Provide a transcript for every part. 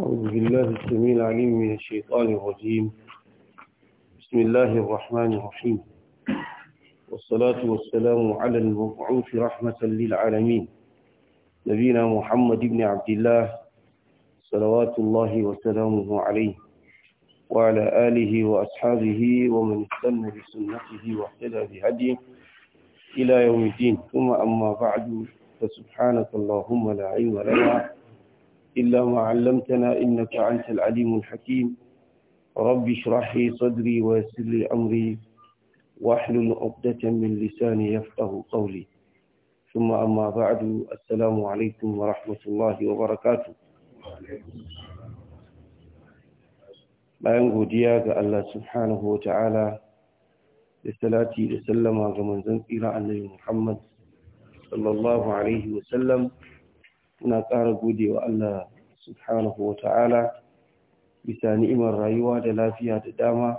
أعوذ بالله السميع العليم من الشيطان الرجيم بسم الله الرحمن الرحيم والصلاة والسلام على المبعوث رحمة للعالمين نبينا محمد بن عبد الله صلوات الله وسلامه عليه وعلى آله وأصحابه ومن استنى بسنته واهتدى بهديه إلى يوم الدين ثم أما بعد فسبحانك اللهم لا علم لنا إلا ما علمتنا إنك أنت العليم الحكيم رب اشرح لي صدري ويسر لي أمري واحلل عقدة من لساني يفقه قولي ثم أما بعد السلام عليكم ورحمة الله وبركاته bayan godiya ga Allah subhanahu wa ta'ala da salati da sallama ga manzon tsira annabi Muhammad sallallahu alaihi wa sallam ina ƙara gode wa Allah subhanahu wa ta'ala bisa ni'imar rayuwa da lafiya da dama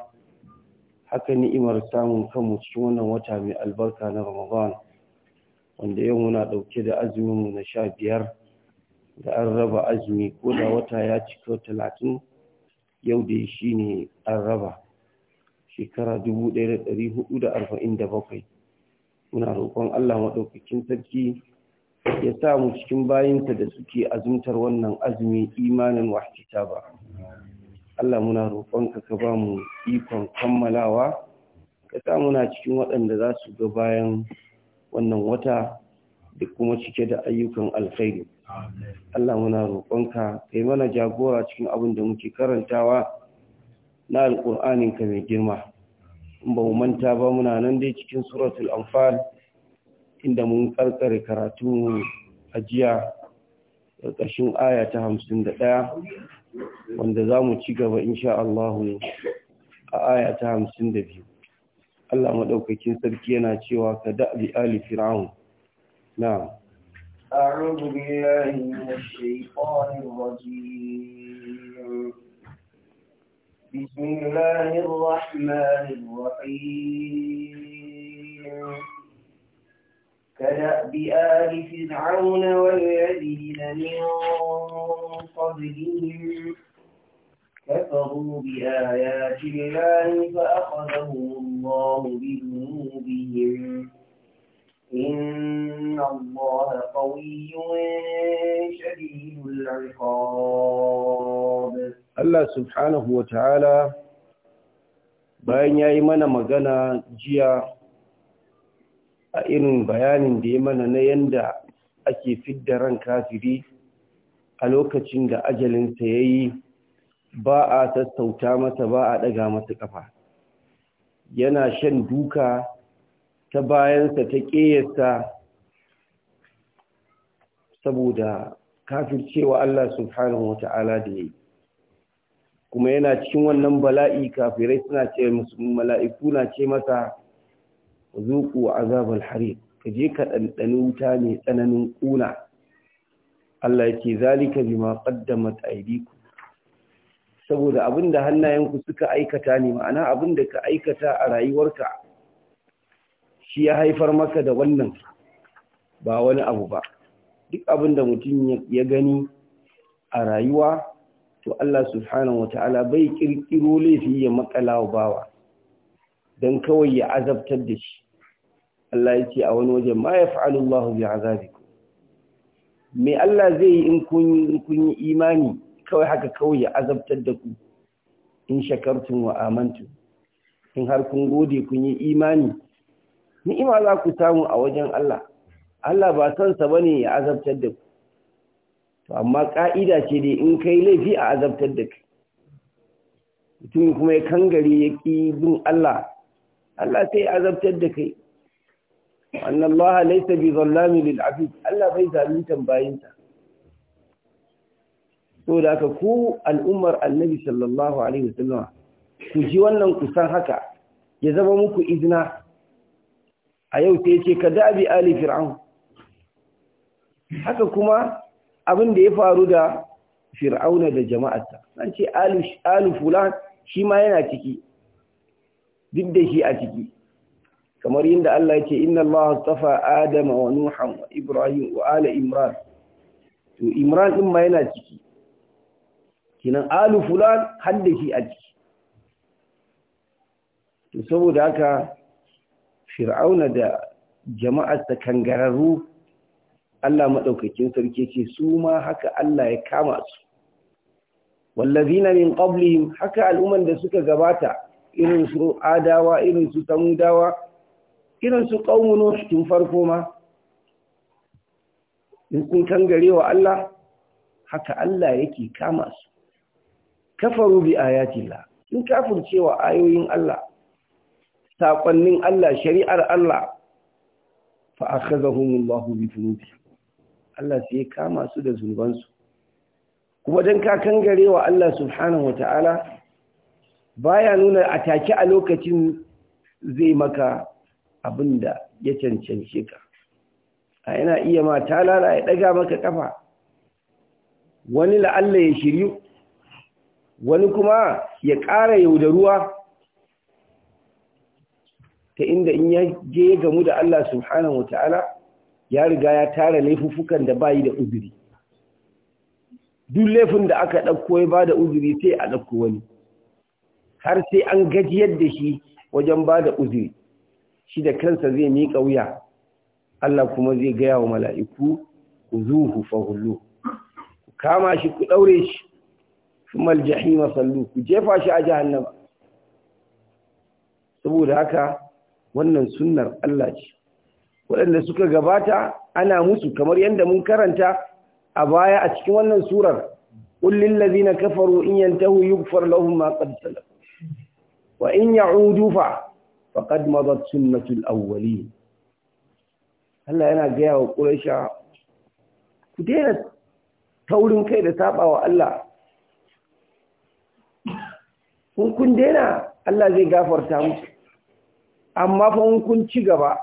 haka ni'imar samun kanmu cikin wannan wata mai albarka na Ramadan wanda yau muna ɗauke da azuminmu na sha biyar da an raba azumi ko da wata ya cika talatin yau da shi ne an raba shekara bakwai muna roƙon Allah maɗaukakin sarki ya sa mu cikin bayinta da suke azumtar wannan azumi imanin wahkita ba Allah muna roƙonka ka ba mu ikon kammalawa ka sa muna cikin waɗanda za su ga bayan wannan wata da kuma cike da ayyukan alkhairi Allah muna roƙonka ka yi mana jagora cikin abin da muke karantawa na alƙur'aninka mai girma in ba mu manta ba muna nan dai cikin suratul anfal inda mun karkare karatu a jiya ƙashin aya ta hamsin da ɗaya wanda za mu ci gaba insha Allahu a aya ta hamsin da biyu Allah maɗaukakin sarki yana cewa ka da'abi ali fir'aun na أعوذ بالله من الشيطان الرجيم بسم الله الرحمن الرحيم بآل فرعون والذين من قبلهم كفروا بآيات الله فأخذهم الله بذنوبهم إن الله قوي شديد العقاب الله سبحانه وتعالى bayan ya yi mana magana jiya a irin bayanin da ya mana na yanda ake fidda ran kafiri a lokacin da ajalinsa ya yi ba a sassauta masa ba a ɗaga masa ƙafa yana shan duka ta bayansa ta ƙeyarsa saboda kafircewa Allah subhanahu wa ta'ala da ya yi kuma yana cikin wannan bala'i kafirai suna ce musu mala'iku na ce masa zuku azabal hari ka je ka ɗanɗani wuta mai tsananin ƙuna Allah ya ce zalika bima qaddamat aydikum saboda abinda hannayenku suka aikata ne ma'ana abinda ka aikata a rayuwarka shi ya haifar maka da wannan ba wani abu ba duk abinda mutum ya gani a rayuwa to Allah subhanahu wata'ala bai kirkiro laifi ya makala wa bawa don kawai ya azabtar da shi Allah ya ce a wani wajen ma ya Allah bi azabikum me Allah zai yi in kun yi imani kawai haka kawai ya azabtar da ku in shakartun wa amantu in har kun gode kun yi imani ni'ima za ku samu a wajen Allah Allah ba son sa bane ya azabtar da ku to amma ka'ida ce dai in kai laifi a azabtar da kai mutum kuma ya kangare ya ƙi bin Allah Allah sai azabtar da kai wannan Allah laisa bi zallami lil abid Allah bai zaluntan tambayinta. to da aka ku al'ummar annabi sallallahu alaihi wasallam ku ji wannan kusan haka ya zama muku izina a yau sai ce ka dabi ali fir'aun haka kuma abin da ya faru da fir'auna da jama'arsa an ce alu fulan shi ma yana ciki duk da shi a ciki kamar yadda Allah ya ce inna Allah astafa Adama wa Nuhan wa Ibrahim wa ala Imran to Imran din ma yana ciki kinan alu fulan har da shi a ciki to saboda haka Fir'auna da ta kangararru Allah maɗaukacin sarki ce su ma haka Allah ya kama su. Wallazina min qablihim haka al'umman da suka gabata irin su adawa irin su tamudawa irin su ƙaununo tun farko ma in kun kangare wa Allah haka Allah yake kama su kafaru bi ayatillah sun kafirce wa ayoyin Allah saƙonnin Allah shari'ar Allah fa akhazahumullahu bi dhunubi Allah sai ya kama su da zunubansu kuma dan ka kangare wa Allah subhanahu wataala baya nuna a take a lokacin zai maka abin da ya cancanci ka a yana iya ma ta ya daga maka kafa wani la'alla ya shiryu wani kuma ya ƙara yaudaruwa ta inda in ya je gamu da Allah subhanahu wa ta'ala ya riga ya tara laifufukan da bayi da uzuri duk laifin da aka ɗauko ya ba da uzuri sai a ɗauko wani har sai an gajiyar da shi wajen ba da uzuri shi da kansa zai miƙa wuya Allah kuma zai gaya wa mala'iku ku zuhu fahullu ku kama shi ku ɗaure shi sumal jahima masallu ku jefa shi a jihannan saboda haka wannan sunnar Allah ce waɗanda suka gabata ana musu kamar yadda mun karanta a baya a cikin wannan surar ƙullin na kafaru in yantahu tahu lahum ma qad salam wa in ya'udu fa faqad madat sunnatul awwalin Allah yana gaya wa Quraysha ku daina taurin kai da sabawa Allah kun kun dena? Allah zai gafarta muku amma fa kun ci gaba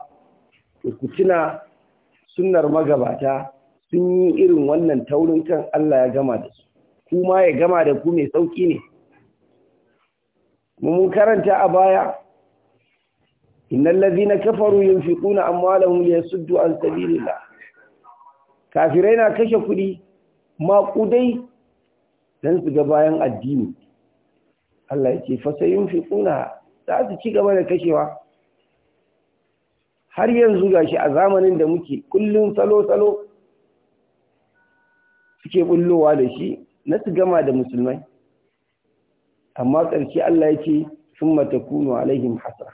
ku tuna sunnar magabata sun yi irin wannan taurin kan Allah ya gama da su kuma ya gama da ku mai sauki ne mun karanta a baya innal ladhina kafaru yunfiquna amwalahum liyasuddu an sabilillah kafirai na kashe kudi kudai dan su ga bayan addini Allah ya ce fasayunfiquna za su ci gaba da kashewa har yanzu gashi a zamanin da muke kullun salo salo suke bullowa da shi na su gama da musulmai amma ƙarshe Allah ya ce sun a alaihim hasra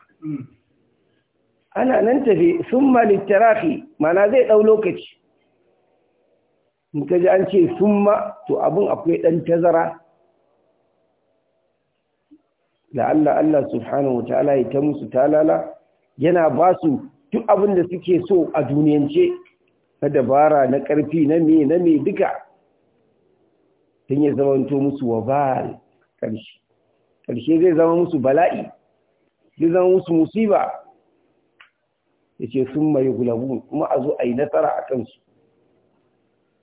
ana nan tafi sun malittarafi mana zai ɗau lokaci in ka ji an ce sun ma to abin akwai ɗan tazara la'alla Allah subhanahu wa ta'ala ya ta musu talala yana ba su duk abin da suke so a duniyance na dabara na ƙarfi na me na me duka don ya zamanto musu wa ba ƙarshe ƙarshe zai zama musu bala'i zai zama musu musiba ya ce sun mai gulabu kuma a zo a yi nasara a kansu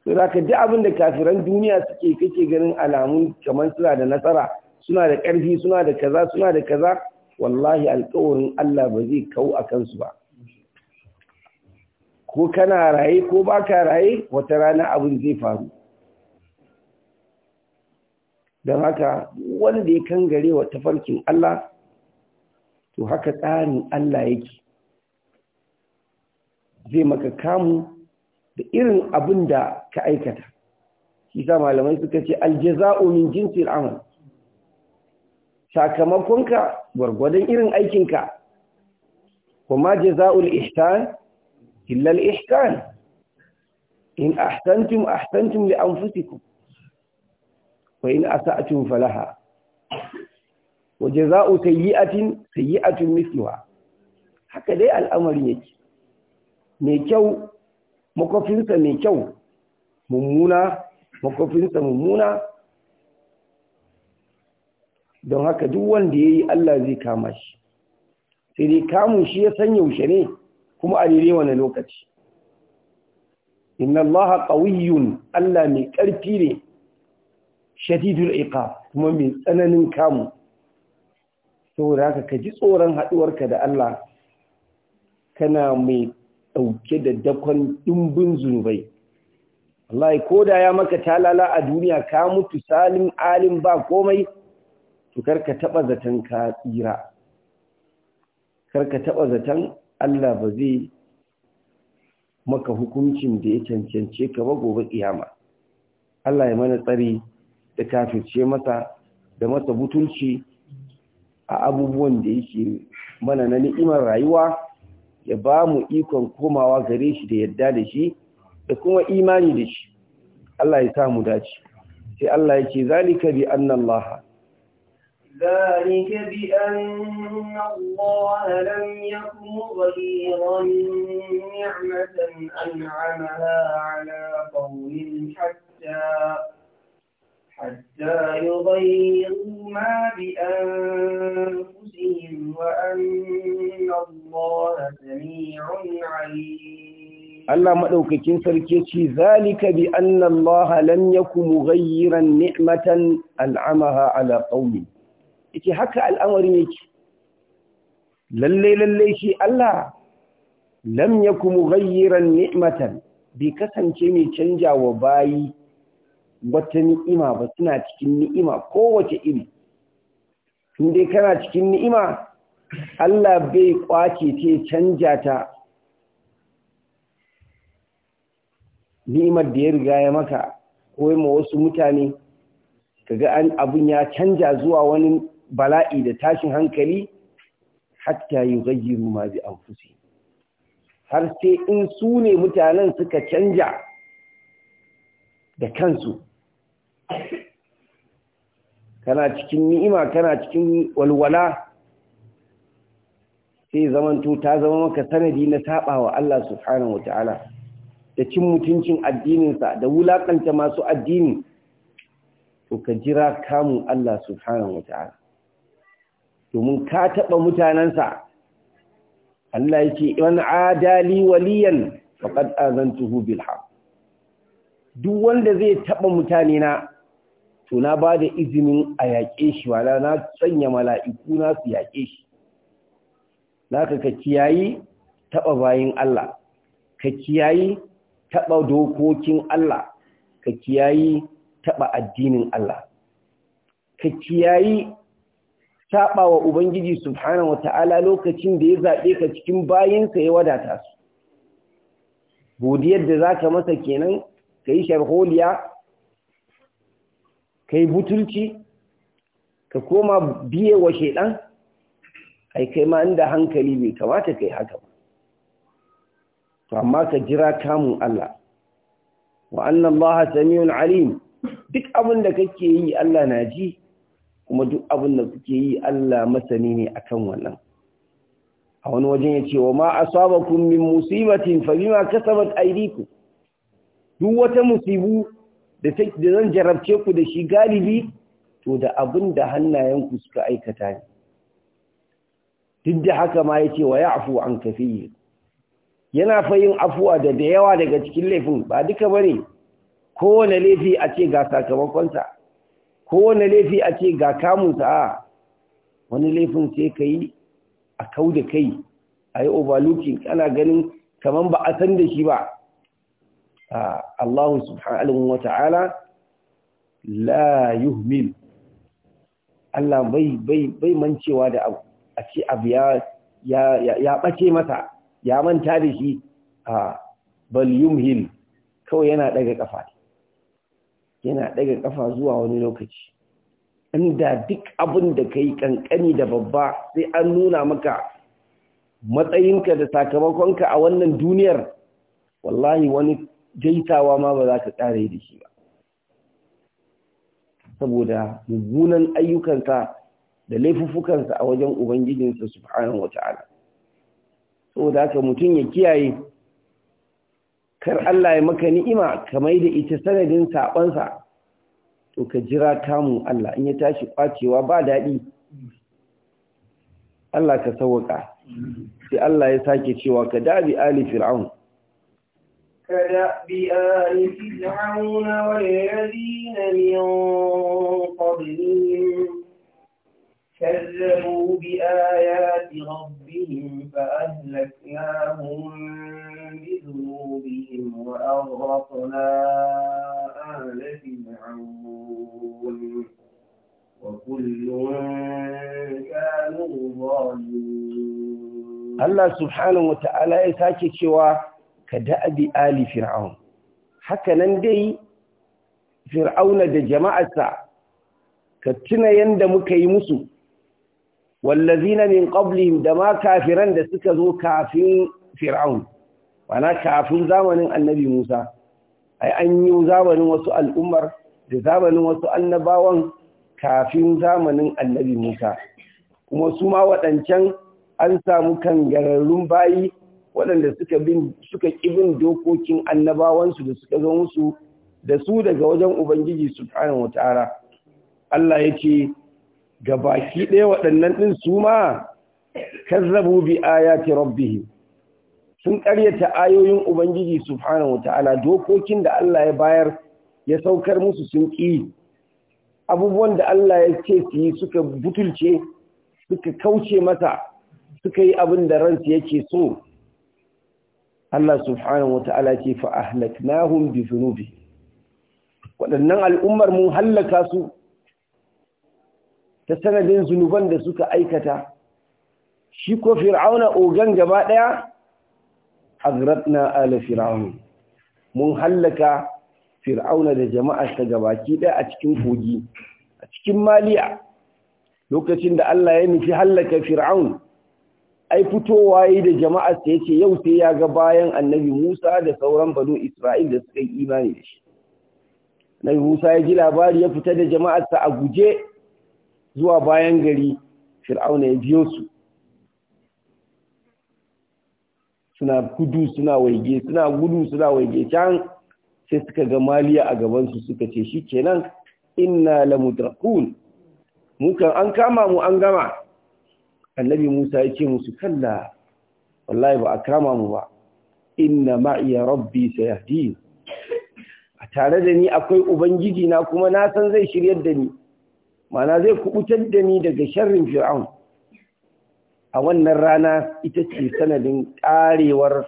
sai za ka ji abin da kafiran duniya suke kake ganin alamun kamar suna da nasara suna da ƙarfi suna da kaza suna da kaza wallahi alƙawarin Allah ba zai kawo a kansu ba ko kana raye ko baka raye wata rana abin zai faru don haka wanda ya kangare wa tafarkin Allah to haka tsarin Allah yake zai maka kamu da irin abin da ka aikata shi sa malamai suka ce aljaza'u min jinsil amal sakamakonka gwargwadon irin aikinka kuma jaza'ul ihsan illa al ihsan in ahsantum ahsantum li anfusikum fa in asa'atun falaha wa jaza'u sayyi'atin sayyi'atun mithluha haka dai al'amari yake mai kyau makofinsa mai kyau mummuna makofinsa mummuna don haka duk wanda ya yi Allah zai kama shi sai dai kamun shi ya san yaushe ne kuma a daidai wani lokaci inna allaha qawiyyun Allah mai ƙarfi ne shadidul iqab kuma mai tsananin kamu saboda haka ka ji tsoron haɗuwarka da Allah kana mai ɗauke da dakon ɗimbin zunubai Allah ko da ya maka talala a duniya ka mutu salim alim ba komai to karka taba zaton ka tsira karka taɓa zaton Allah ba zai maka hukuncin da ya cancance ka ba gobe kiyama Allah ya mana tsari da kafirce masa da masa butulci a abubuwan da yake mana na ni'imar rayuwa ya ba mu ikon komawa gare shi da yadda da shi da kuma imani da shi Allah ya sa mu dace sai Allah ya ce zalika bi anna Allah ذلك بأن الله لم يكن حتى يغيروا ما بأنفسهم وأن الله سميع عليم الله مدوكين سركيتي ذلك بأن الله لم يكن مغيرا نعمة أنعمها على قوم yake haka al'amarin ke. lalle lalle shi Allah lam yakum gayyiran ni'matan bi kasance mai canjawa bayi wata ni'ima ba suna cikin ni'ima kowace iri in dai kana cikin ni'ima Allah bai kwace ce canja ta ni'imar da ya riga ya maka ko ma wasu mutane kaga an abun ya canja zuwa wani bala'i da tashin hankali hatta yughayyiru ma bi anfusihim har sai in su ne mutanen suka canja da kansu kana cikin ni'ima kana cikin walwala sai zamanto ta zama maka sanadi na sabawa Allah subhanahu wataala da cin mutuncin addininsa da wulakanta masu addini to ka jira kamun Allah subhanahu wataala domin ka taɓa mutanansa Allah yake wan adali waliyan faqad azantuhu bilha duk wanda zai taɓa mutane na to na ba da izinin a yaƙe shi wala na sanya mala'iku na su yaƙe shi na ka kiyayi taɓa bayin Allah ka kiyayi taɓa dokokin Allah ka kiyayi taɓa addinin Allah ka kiyayi saɓa wa Ubangiji subhanahu wa ta'ala lokacin da ya zaɓe ka cikin bayinsa ya wadata su godiyar da za ka masa kenan ka yi sharholiya kai butulci ka koma biye wa shedan ai kai ma inda hankali bai kamata kai haka ba to amma ka jira kamun Allah wa anna Allah samiyun alim duk abin da kake yi Allah na ji kuma duk abin da kuke yi Allah masani ne akan wannan a wani wajen ya ce wa ma asabakum min musibatin fa bima kasabat aydikum duk wata musibu da zan jarabce ku da shi galibi to da abin da hannayenku suka aikata ne duk da haka ma ya ce wa ya afu an kafiye yana fayin afuwa da da yawa daga cikin laifin ba duka ba ne kowane laifi a ce ga sakamakonsa kowane laifi a ce ga kamunsa a wani laifin sai ka a kau da kai a yi overlooking ana ganin kamar ba a san da shi ba Ah, Allah subhanahu wa ta'ala la yuhmil Allah bai bai bai mancewa da abu a ce abu ya ya bace masa ya manta da shi a ah, bal yumhil kawai yana daga kafa yana daga kafa zuwa wani lokaci inda duk abin da kai kankani da babba sai an nuna maka matsayinka da sakamakonka a wannan duniyar wallahi wani jaitawa ma ba za ka ƙara da shi ba saboda mummunan ayyukansa da laifuffukansa a wajen ubangijinsa subhanahu wata'ala saboda haka mutum ya kiyaye kar Allah ya maka ni'ima kamar da ita sanadin saɓonsa to ka jira kamun Allah in ya tashi kwacewa ba daɗi Allah ka sauwaka sai Allah ya sake cewa ka dabi ali fir'aun كدأب آل فرعون والذين من قبلهم كذبوا بآيات ربهم فأهلكناهم بذنوبهم وأغرقنا آل فرعون وكل كانوا ظالمين الله سبحانه وتعالى يساكي شواه ka da'abi ali fir'aun haka nan dai fir'auna da jama'arsa ka tuna yanda muka yi musu wallazina min qablihim da ma kafiran da suka zo kafin fir'aun wana kafin zamanin annabi Musa ai an yi zamanin wasu al'ummar da zamanin wasu annabawan kafin zamanin annabi Musa kuma su ma waɗancan an samu kangararrun bayi waɗanda suka bin suka ƙibin dokokin annabawansu da suka zo musu da su daga wajen ubangiji subhanahu wataala Allah yake ga baki ɗaya waɗannan ɗin su ma kazzabu bi ayati rabbihim sun ƙaryata ayoyin ubangiji subhanahu wataala dokokin da Allah ya bayar ya saukar musu sun ƙi abubuwan da Allah ya ce su yi suka butulce suka kauce masa suka yi abin da ransu yake so Allah subhanahu wata'ala ce fa ahlaknahum bi zunubi waɗannan al'ummar mun hallaka su ta sanadin zunuban da suka aikata shi ko fir'auna ogan gaba daya agratna ala fir'aun mun hallaka fir'auna da jama'ar ta gabaki ɗaya a cikin kogi a cikin maliya lokacin da Allah ya nufi hallaka fir'aun ai fitowa yi da jama'ar sa yace yau sai ya ga bayan annabi Musa da sauran banu Isra'il da suka yi imani da shi Nabi Musa ya ji labari ya fita da jama'arsa a guje zuwa bayan gari Fir'auna ya biyo su suna gudu suna waige suna gudu suna waige can sai suka ga maliya a gaban su suka ce shikenan inna lamudrakun mukan an kama mu an gama annabi Musa ya ce musu kalla wallahi ba a kama mu ba inna ma'iya rabbi sayahdi a tare da ni akwai ubangiji na kuma na san zai shiryar da ni mana zai kubutar da ni daga sharrin fir'aun a wannan rana ita ce sanadin karewar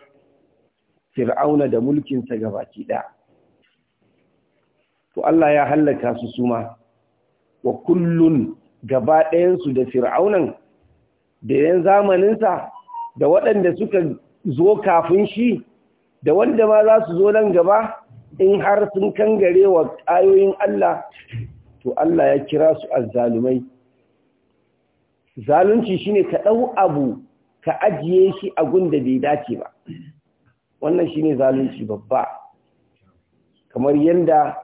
fir'auna da mulkin mulkinsa gabaki ɗaya to Allah ya halaka su suma wa kullun gaba ɗayansu da fir'aunan da yan zamaninsa da waɗanda suka zo kafin shi da wanda ma za su zo nan gaba in har sun kangare wa ayoyin Allah to Allah ya kira su azzalumai zalunci shine ka ɗau abu ka ajiye shi a gunda bai dace ba wannan shine zalunci babba kamar yanda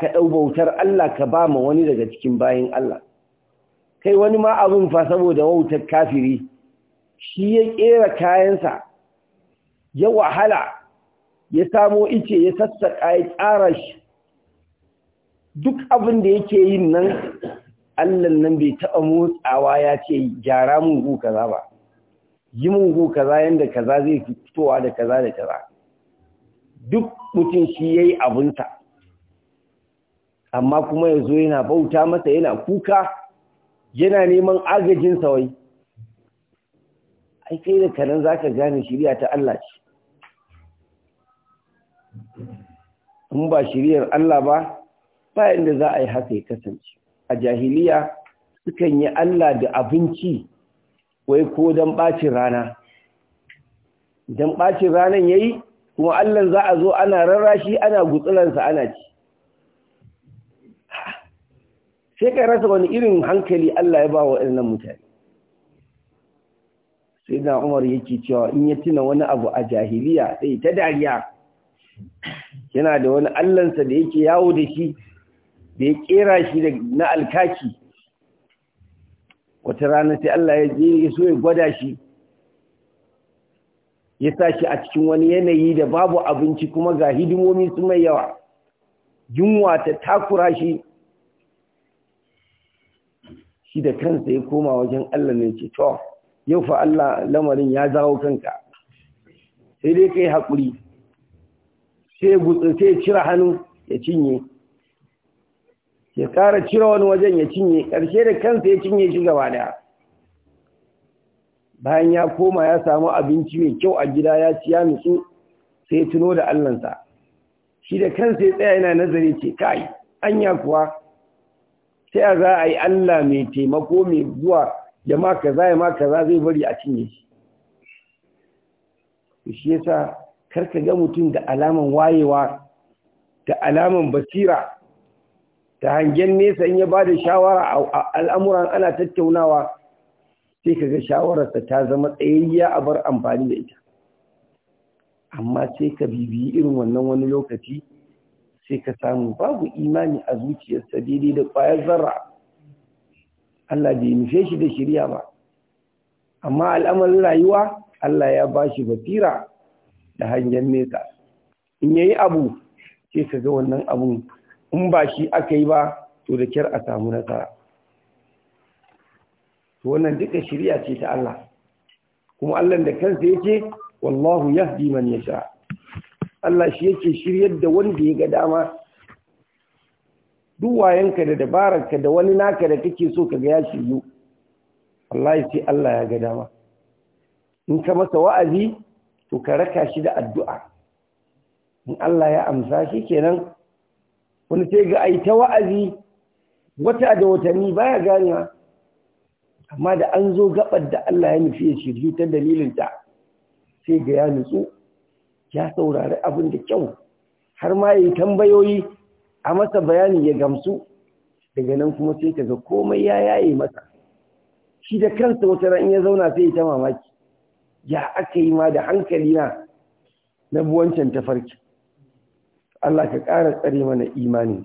ka ɗau bautar Allah ka ba ma wani daga cikin bayin Allah kai wani ma abin fa saboda wautar kafiri shi ya kera kayansa ya wahala ya samo ice ya sassaƙa ya tsara shi duk abin da yake yin nan allan nan bai taɓa motsawa ya ce gyara mun gu kaza ba yi mun gu kaza yadda kaza zai fitowa da kaza da kaza duk mutum shi ya yi abinsa amma kuma yazo yana bauta masa yana kuka yana neman agajin sawai ai kai da kanan zaka gane shiriya ta Allah ce in ba shiriyar Allah ba ba inda za a yi haka ya kasance a jahiliya sukan yi Allah da abinci wai ko dan ɓacin rana Dan ɓacin ranan yayi kuma Allah za a zo ana rarrashi ana gutsulansa ana ci sai ka rasa wani irin hankali Allah ya ba wa waɗannan mutane sai da umar yake cewa in ya tuna wani abu a jahiliya sai ta dariya yana da wani allansa da yake yawo da shi da ya kera shi na alkaki wata rana sai Allah ya je ya so ya gwada shi ya sa shi a cikin wani yanayi da babu abinci kuma ga hidimomi su mai yawa yunwa ta takura shi shi da kansa ya koma wajen Allah ne ce to yau fa Allah lamarin ya zawo kanka sai dai kai haƙuri sai gutsu sai cire hannu ya cinye ya ƙara cire wani wajen ya cinye ƙarshe da kansa ya cinye shi gaba daya bayan ya koma ya samu abinci mai kyau a gida ya ci ya nutsu sai ya tuno da Allahnsa shi da kansa ya tsaya yana nazari ce kai anya kuwa ta za a yi Allah mai taimako mai zuwa ya maka kaza ya maka kaza zai bari a cinye shi shi yasa karka ga mutum da alaman wayewa da alaman basira ta hangen nesa in ya ba da shawara a al'amuran ana tattaunawa sai ka ga shawararsa ta zama tsayayya a bar amfani da ita amma sai ka bibiyi irin wannan wani lokaci sai ka samu babu imani a zuciyarsa daidai da ƙwayar zarra Allah bai nufe shi da shirya ba amma al'amarin rayuwa Allah ya ba shi basira da hanyar nesa in ya yi abu sai ka ga wannan abun in ba shi aka yi ba to da kyar a samu nasara to wannan duka shirya ce ta Allah kuma Allah da kansa yake wallahu yahdi man yasha Allah shi yake shiryar da wanda ya ga dama duwayenka da dabararka da wani naka da kake so ka ga ya shiryu wallahi sai Allah ya ga dama in ka masa wa'azi to ka raka shi da addu'a in Allah ya amsa shi kenan wani sai ga ai ta wa'azi wata da watanni baya ganewa amma da an zo gabar da Allah ya nufi ya shiryu ta ta sai ga ya nutsu ya saurari abin da kyau har ma yi tambayoyi a masa bayani ya gamsu daga nan kuma sai ka ga komai ya yaye masa shi da kansa wata ran ya zauna sai ta mamaki ya aka yi ma da hankali na na buwancan farki Allah ka ƙara tsare mana imani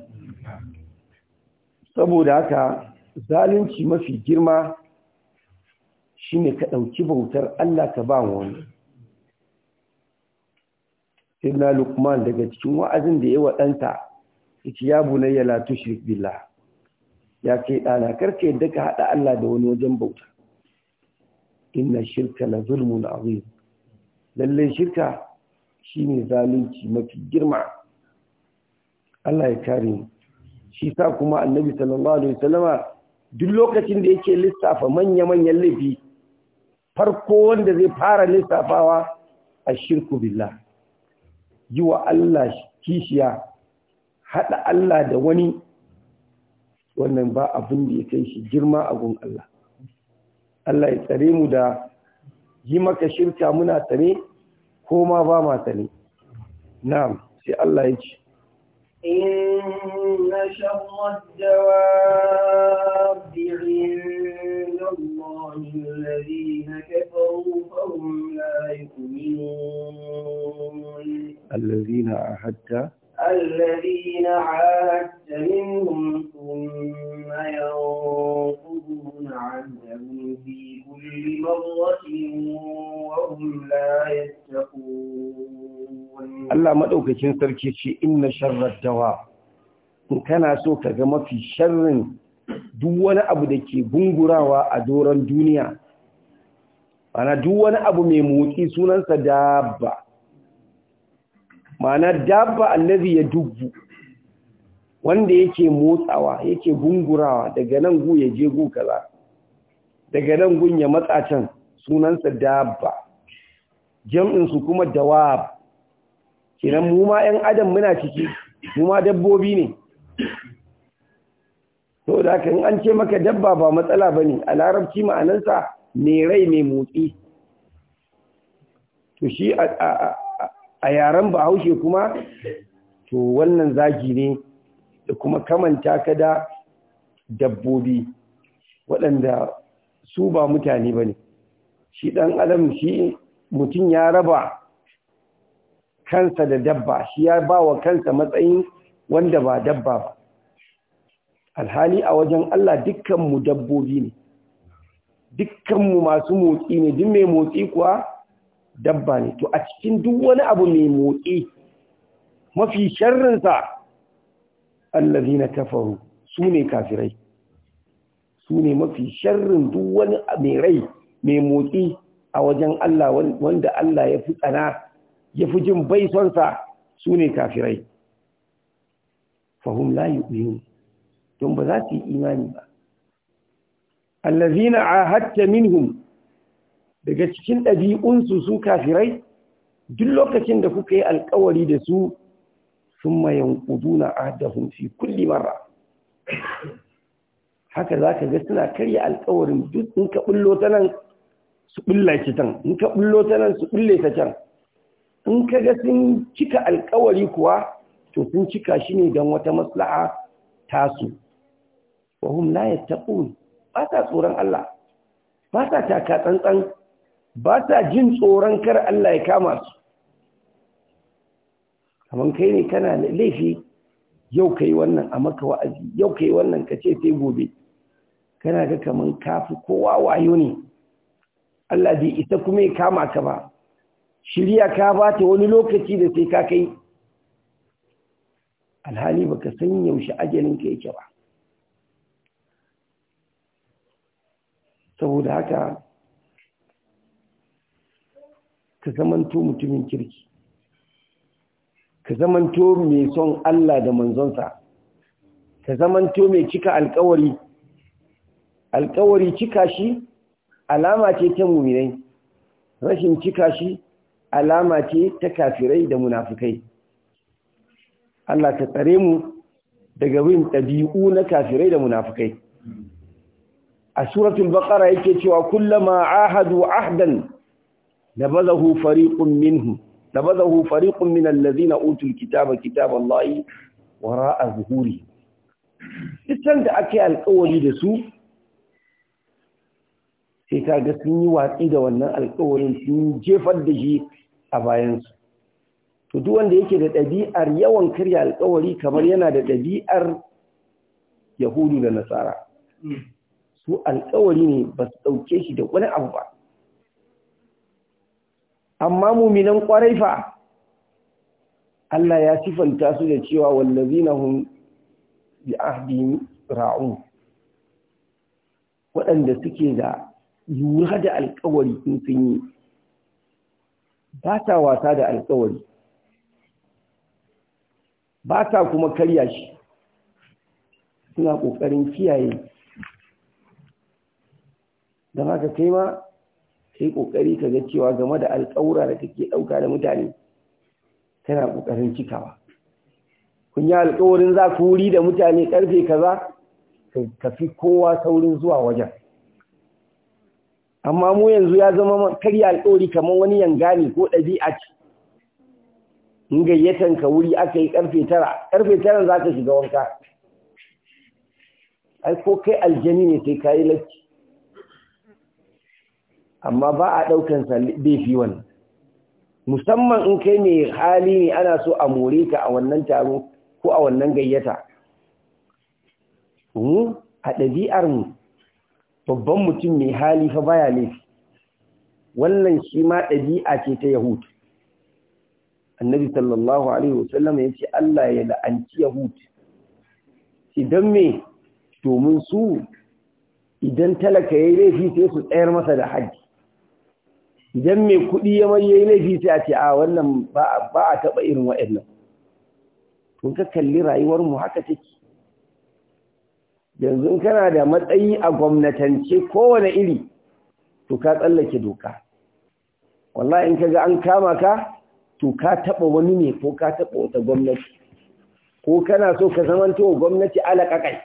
saboda haka zalunci mafi girma shi ne ka ɗauki bautar Allah ka ba wani sayyidina lukman daga cikin wa'azin da ya waɗanta yace ya bunayya la tushrik billah ya kai ɗana karka yadda ka haɗa Allah da wani wajen bauta inna shirka la zulmun azim lalle shirka shine zalunci mafi girma Allah ya kare shi sa kuma annabi sallallahu alaihi wasallama duk lokacin da yake lissafa manya-manyan laifi farko wanda zai fara lissafawa a shirku billah yi wa Allah kishiya haɗa Allah da wani wannan ba abin da ya kai shi girma a gun Allah Allah ya tsare mu da yi maka shirka muna tsare ko ma ba ma tsare na'am sai Allah ya ce إن شر الدواب عند الله الذين كفروا فهم لا يؤمنون الذين عاهدت الذين عاهدت منهم ثم ينقضون عهدهم في كل مرة وهم لا يتقون الله ما دوك دوكين سركي شي ان شر الدواء ان كان سو ka ga mafi sharrin duk wani abu da ke gungurawa a doron duniya ana duk wani abu mai motsi sunansa dabba ma'ana dabba allazi ya dubbu wanda yake motsawa yake gungurawa daga nan gu ya je gu kaza daga nan gun ya matsa can sunansa dabba jam'in su kuma dawab kiran mu ma ɗan adam muna ciki mu ma dabbobi ne to da kan an ce maka dabba ba matsala bane a larabci ma'anarsa ne rai mai motsi to shi a a yaren bahaushe kuma to wannan zagi ne da kuma kamanta ka da dabbobi waɗanda su ba mutane ba ne shi ɗan adam shi mutum ya raba kansa da dabba shi ya ba wa kansa matsayin wanda ba dabba ba alhali a wajen Allah dukkanmu dabbobi ne dukkanmu masu motsi ne duk mai motsi kuwa dabba ne to a cikin duk wani abu mai motsi mafi sharrinsa allazina kafaru su ne kafirai su ne mafi sharrin duk wani mai rai mai motsi a wajen Allah wanda Allah ya fi tsana ya fi jin baisonsa su ne kafirai fahim layi uyu don ba za su yi imani ba allazina ahadta minhum daga cikin ɗabi'unsu su kafirai duk lokacin da kuka yi alkawari da su sun mayan na adahun fi kulli mara haka za ka ga suna karya alkawarin duk in ka ɓullo ta nan su ɓulla ki can in ka ɓullo ta nan su ɓulle ta can in ka ga sun cika alkawari kuwa to sun cika shi ne don wata maslaha tasu wahum la yattaqun ba ta tsoron Allah ba ta taka tsantsan ba ta jin tsoron kar Allah ya kama su kaman kai ne kana da laifi yau kai wannan a maka wa'azi yau kai wannan kace sai gobe kana ga kaman kafi kowa wayo ne Allah bai isa kuma ya kama ka ba shirya ka ba ta wani lokaci da sai ka kai alhali baka san yaushe ajalin ka yake ba saboda haka ka zamanto mutumin kirki ka zamanto mai son Allah da manzonsa ka zamanto mai cika alkawari alkawari cika shi alama ce ta muminai rashin cika shi alama ce ta kafirai da munafukai Allah ka tsare mu daga bin ɗabi'u na kafirai da munafukai a suratul baqara yake cewa kullama ahadu ahdan نبذه فريق منهم نبذه فريق من الذين أوتوا الكتاب كتاب wara'a وراء ظهورهم da ake alkawari da su, sai ta ga sun yi watsi da wannan alkawarin sun jefar da shi a bayansu. To, duk wanda yake da ɗabi'ar yawan karya alkawari kamar yana da ɗabi'ar Yahudu da Nasara. Su alkawari ne ba su ɗauke shi da wani abu ba. amma muminan kwarai fa Allah ya sifanta su da cewa wallazina hum bi ahdi ra'un waɗanda suke da lura da alƙawari in sun yi ba ta wasa da alƙawari, ba ta kuma karya shi suna ƙoƙarin kiyaye da haka kai ma Sai kokari ka ga cewa game da alƙawura da kake ɗauka da mutane kana kokarin cikawa kun yi alƙawarin za ku wuri da mutane karfe kaza ka fi kowa saurin zuwa wajen amma mu yanzu ya zama karya alƙawari kamar wani yanga ne ko ɗabi'a ce in gayyatan ka wuri aka yi karfe tara karfe tara za ka shiga wanka ai ko kai aljani ne sai ka yi lacci amma ba a ɗaukan laifi wannan musamman in kai mai hali ne ana so a more ka a wannan taro ko a wannan gayyata mu a mu babban mutum mai hali fa baya laifi wannan shi ma ɗabi'a ce ta yahud annabi sallallahu alaihi wasallam ya ce Allah ya la'anci yahud idan me domin su idan talaka yayi laifi sai su tsayar masa da haji idan mai kuɗi ya mai yayi laifi sai a ce a wannan ba a taba irin waɗannan kun ka kalli rayuwar mu haka take yanzu kana da matsayi a gwamnatance kowane iri to ka tsallake doka wallahi in kaga an kama ka to ka taɓa wani ne ko ka taɓa wata gwamnati ko kana so ka zamanto gwamnati alaƙaƙai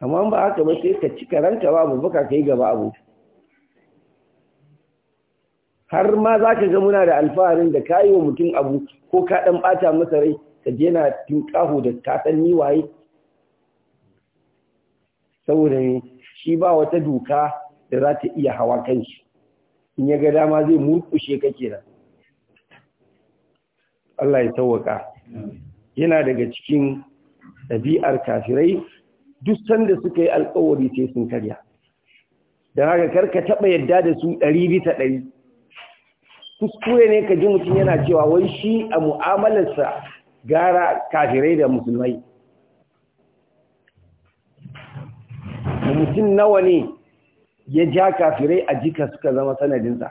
amma ba haka ba sai ka ci ranka babu baka kai gaba abu har ma za ka ga muna da alfaharin da ka yi wa mutum abu ko ka ɗan ɓata masa rai ka je na tinƙaho da tasanni waye saboda ne shi ba wata doka da za ta iya hawa shi in ya ga dama zai murkushe ka kenan Allah ya tawaka yana daga cikin ɗabi'ar kafirai duk sanda suka yi alƙawari sai sun karya don haka karka taɓa yadda da su ɗari bisa ɗari kuskure ne ka ji mutum yana cewa wai shi a mu'amalarsa gara kafirai da musulmai mutum nawa ne ya ja kafirai a jika suka zama sanadinsa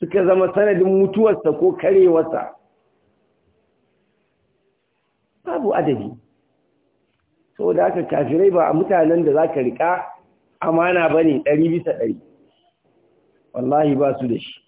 suka zama sanadin mutuwarsa ko karewarsa babu adadi da haka kafirai ba a mutanen da za ka riƙa amana ba ne ɗari bisa ɗari wallahi ba su da shi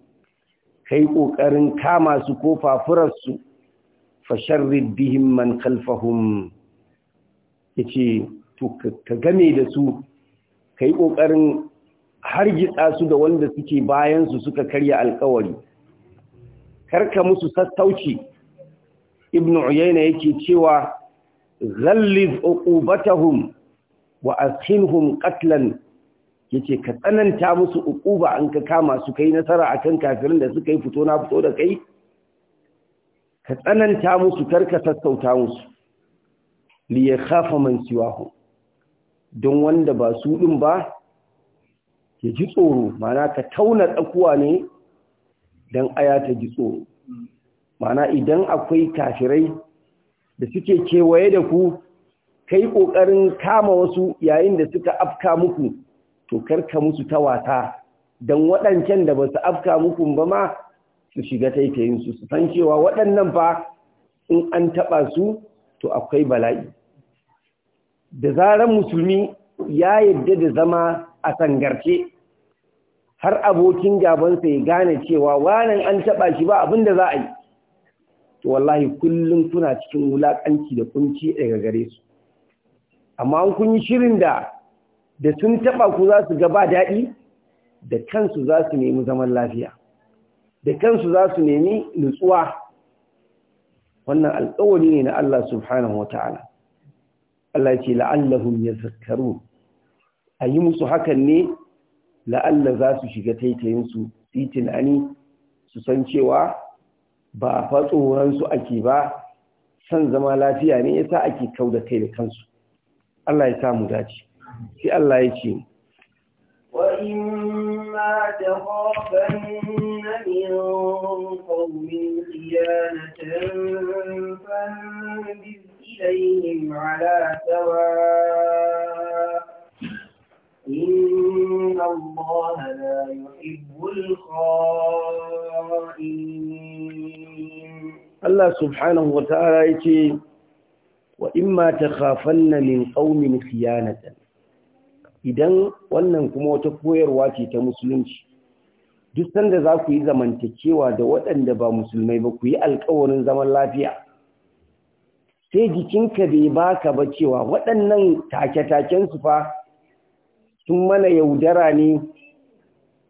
kai ƙoƙarin kama su ko fafurarsu fasharrid bihim man khalfahum yace to ka game da su kai ƙoƙarin hargitsa su da wanda suke bayan su suka karya alƙawari karka musu sassauci ibnu uyayna yake cewa zalliz uqubatahum wa hum! qatlan yace ka tsananta musu uquba an ka kama su kai nasara akan kafirin da suka yi fito na fito da kai ka tsananta musu karka sassauta musu li kafa man siwahu don wanda ba su ɗin ba ya ji tsoro mana ka tauna tsakuwa ne dan aya ta ji tsoro mana idan akwai kafirai da suke kewaye da ku kai ƙoƙarin kama wasu yayin da suka afka muku to karka musu ta wasa don waɗancan da basu afka muku ba ma su shiga taitayinsu su san cewa waɗannan fa in an taɓa su to akwai bala'i da zarar musulmi ya yadda da zama a sangarce har abokin gabansa ya gane cewa wannan an taɓa shi ba abin da za a yi to wallahi kullum kuna cikin wulaƙanci da kunci daga gare su amma an kun yi shirin da da sun taɓa ku za su gaba daɗi da kansu za su nemi zaman lafiya da kansu za su nemi nutsuwa wannan alƙawari ne na Allah subhanahu wa ta'ala Allah ce la'allahu ya zakaru a yi musu hakan ne la'alla za su shiga taitayinsu su tunani su san cewa ba a fa tsoronsu ake ba san zama lafiya ne ya sa ake kau da kai da kansu Allah ya samu dace shi Allah ya ce Allah subhanahu wa ta’ala ya ce, Wa in ma ta khafan na min ƙaunin fiyanatan, idan wannan kuma wata koyarwa ce ta musulunci duk sanda za ku yi zamantakewa da waɗanda ba musulmai ba ku yi alkawarin zaman lafiya sai jikinka bai baka ba cewa waɗannan take-taken su fa sun mana yaudara ne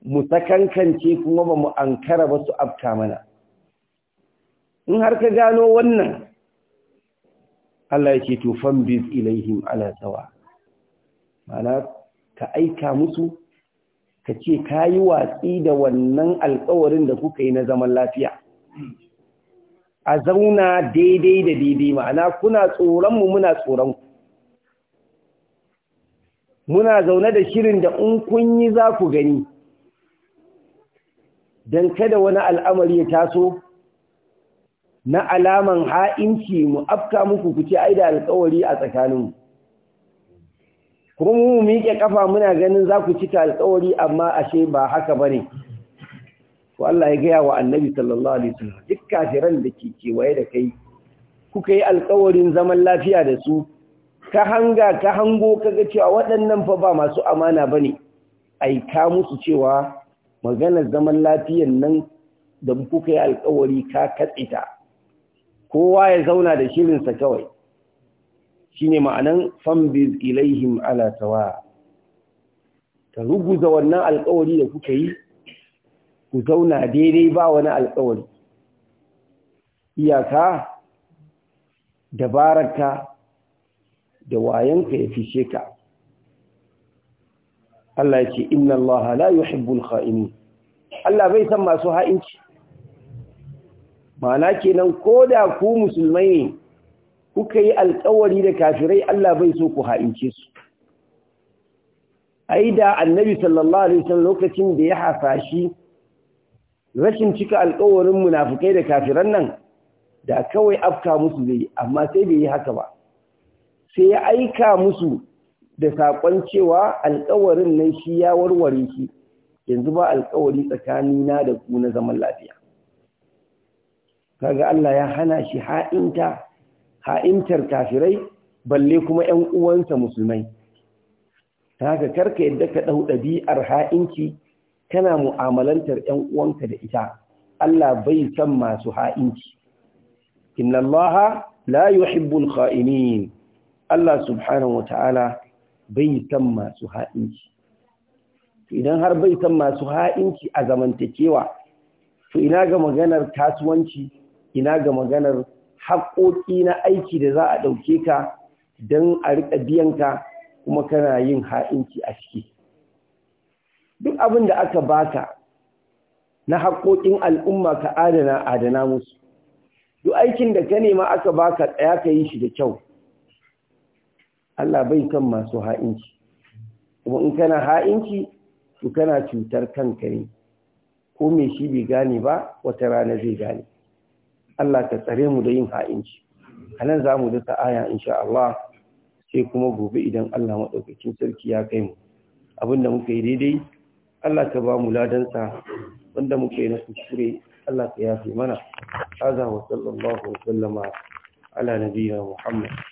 mu sakankance kuma ba mu ankara ba su afka mana in har ka gano wannan Allah ya ce to fambiz ilaihim ala sawa ma'ana ka aika musu ka ce ka yi watsi da wannan alkawarin da kuka yi na zaman lafiya a zauna daidai da daidai ma'ana kuna tsoronmu muna tsoronku muna zaune da shirin da in kun yi za ku gani don kada wani al'amari ya taso na alaman ha'inci mu afka muku ku ce ai alkawari a tsakaninmu kuma mu miƙe ƙafa muna ganin za ku cika alƙawari amma ashe ba haka bane ko Allah ya gaya wa annabi sallallahu alaihi wasallam duk kafiran da ke kewaye da kai kuka yi alƙawarin zaman lafiya da su ka hanga ka hango ka ga cewa waɗannan fa ba masu amana bane ka musu cewa maganar zaman lafiyan nan da kuka yi alƙawari ka katse kowa ya zauna da shirinsa kawai shine ma'anan fambiz ilaihim ala sawa ka ruguza wannan alkawari da kuka yi ku zauna daidai ba wani alkawari iyaka dabararka da wayanka ya fishe ka Allah ya ce inna Allah la yuhibbul kha'ini Allah bai san masu ha'inci ma'ana kenan koda ku musulmai ne kuka yi alkawari da kafirai Allah bai so ku ha'ince su ai da annabi sallallahu alaihi wasallam lokacin da ya hasashi rashin cika alkawarin munafukai da kafiran nan da kawai afka musu zai amma sai bai yi haka ba sai ya aika musu da saƙon cewa alkawarin nan shi ya warware shi yanzu ba alkawari tsakanina da ku na zaman lafiya kaga Allah ya hana shi ha'inta ha'intar kafirai balle kuma ‘yan uwansa musulmai ta haka karka yadda ka ɗau ɗabi'ar ha'inci kana mu'amalantar ‘yan uwanka da ita Allah bai san masu ha'inci inna Allah la yuhibbul kha'inin Allah subhanahu wata'ala bai san masu ha'inci idan har bai san masu ha'inci a zamantakewa to ina ga maganar kasuwanci ina ga maganar haƙoƙi na aiki da za a ɗauke ka don a riƙa biyan ka kuma kana yin ha'inci a ciki duk abin da aka baka na haƙoƙin al'umma ka adana adana musu duk aikin da ka nema aka baka ɗaya ka yi shi da kyau Allah bai kan masu ha'inci kuma in kana ha'inci su kana cutar kanka ne ko me shi bai gane ba wata rana zai gane Allah ta tsare mu da yin ha'inci a nan za mu dasa aya sha Allah sai kuma gobe idan Allah maɗaukakin sarki ya kai mu abinda muka yi daidai Allah ta ba mu ladansa wanda muka yi na kuskure Allah ka yafe mana haza wa sallallahu wa sallama ala nabiya Muhammad